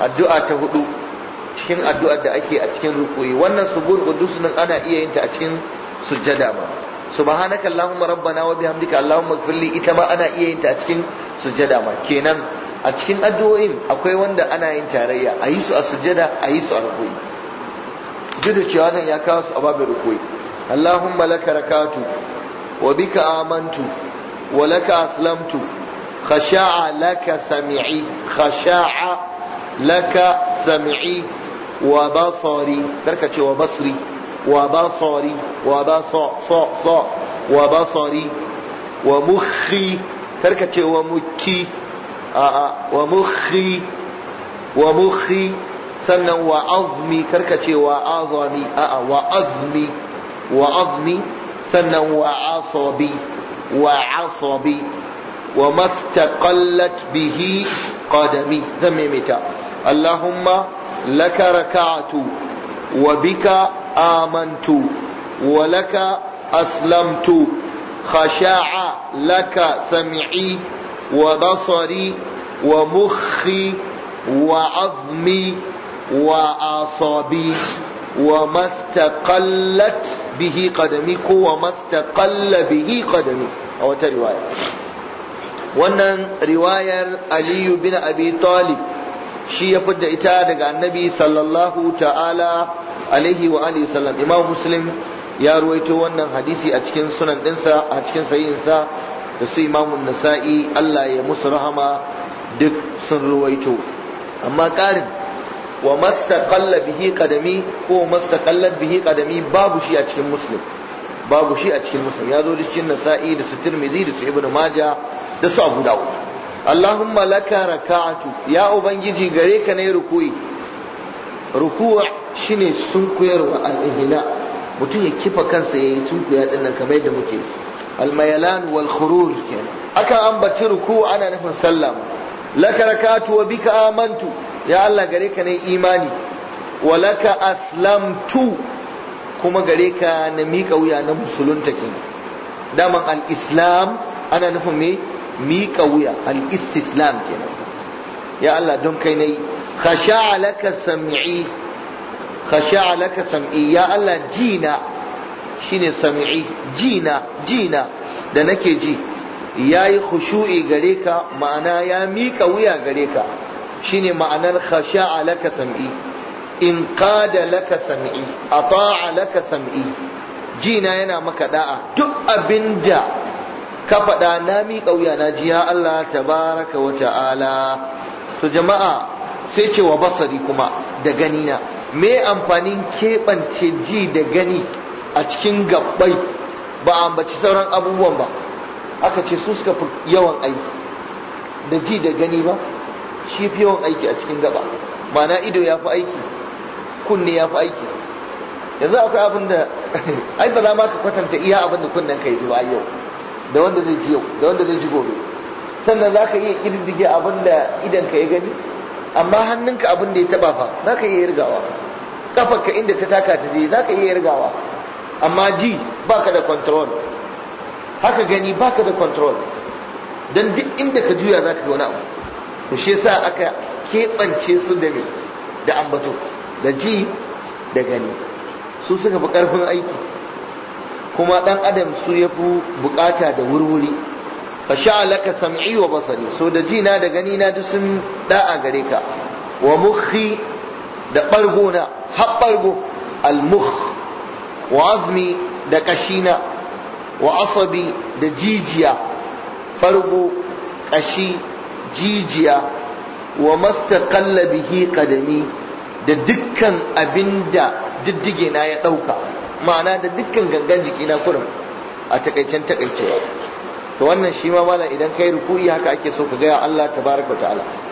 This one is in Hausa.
addu'a ta hudu cikin addu'ar da ake a cikin rukuyi wannan subul qudus nan ana iya yin ta a cikin sujjada ma subhanaka allahumma rabbana wa bihamdika allahumma ighfirli ita ma ana iya yin ta a cikin sujjada ma kenan a cikin addu'o'in akwai wanda ana yin tarayya a yi su a sujjada a yi su a rukuyi duk da cewa nan ya kawo su a babu rukuyi allahumma laka rakatu wa bika amantu wa laka aslamtu khasha'a laka sami'i khasha'a laka sam'i wa basari karka ce wa basri wa basari wa basa sa sa wa basari wa mukhi karka ce wa mukki a'a wa mukhi wa mukhi sannan wa azmi wa azmi wa azmi sannan wa wa wa bihi Allahuma laka raka'tu wa bika amantu wa laka aslamtu khasha'a laka sam'i wa basari wa mukhi wa azmi wa asabi wa استقلت به قدمي وما استقل به قدمي أو wannan riwayar Aliyu bin Abi shi ya fidda ita daga annabi sallallahu ta'ala alaihi wa alihi sallam imam muslim ya ruwaito wannan hadisi a cikin sunan dinsa a cikin sahihinsa da su imam nasa'i Allah ya musu rahama duk sun ruwaito amma karin wa mastaqalla bihi qadami ko mastaqalla bihi qadami babu shi a cikin muslim babu shi a cikin muslim ya zo cikin nasa'i da su tirmidhi da su ibnu maja da su abu dawud Allahumma laka raka'atu ya ubangiji gare ka ne rukuyi shine sunkuyarwa al-ihla mutum ya kifa kansa yayi sunkuya din nan kamar yadda muke al wal khuruj aka ambaci ruku ana nufin sallah laka raka'atu wa bika amantu ya Allah gare ka imani wa aslamtu kuma gare ka na miƙa wuya na musulunta kenan daman al-islam ana nufin me miƙa wuya al’istislam ke kenan ya Allah don kai yi. khasha'a laka sam'i khasha'a laka sam'i ya Allah jina shine sam'i jina jina da nake ji yayi khushu'i gare ka ma'ana ya miƙa wuya gare ka shine ma'anar khasha'a laka sam'i in qada laka sam'i ata'a laka sam'i jina yana maka da'a duk abinda ka faɗa na miƙa wuya na ji ya Allah tabaraka wa ta'ala to jama'a sai ce wa basari kuma da gani na me amfanin keɓance ji da gani a cikin gabbai ba ambaci sauran abubuwan ba aka ce su suka fi yawan aiki da ji da gani ba shi fi yawan aiki a cikin gaba ma'ana ido ya fi aiki kunne ya fi aiki yanzu akwai abin da ai ba za ma ka kwatanta iya abin da kunnen ka yi ba yau da wanda zai ji yau da wanda zai ji gobe sannan za ka iya ƙididdige abin da idan ka ya gani amma hannunka abin da ya taba fa za ka iya yargawa kafarka inda ta taka ta je za ka iya yargawa amma ji ba ka da control haka gani ba ka da control don duk inda ka juya za ka ga wani abu to shi yasa aka keɓance su da me da ambato da ji da gani su suka fi ƙarfin aiki kuma dan adam su ya fi bukata da wurwuri fa sha'alaka sam'i wa basari so da jina da gani na duk sun da'a gare ka wa mukhi da ɓargo na haɓɓargo al mukh wa azmi da kashina wa asabi da jijiya bargo kashi jijiya wa mastaqalla bihi qadami da dukkan abinda diddige na ya ɗauka. ma'ana da dukkan gangan jiki na kurum a takaicen takaice. to wannan shi ma malam idan kai ruku'i haka ake so ka gaya Allah tabaraka ta'ala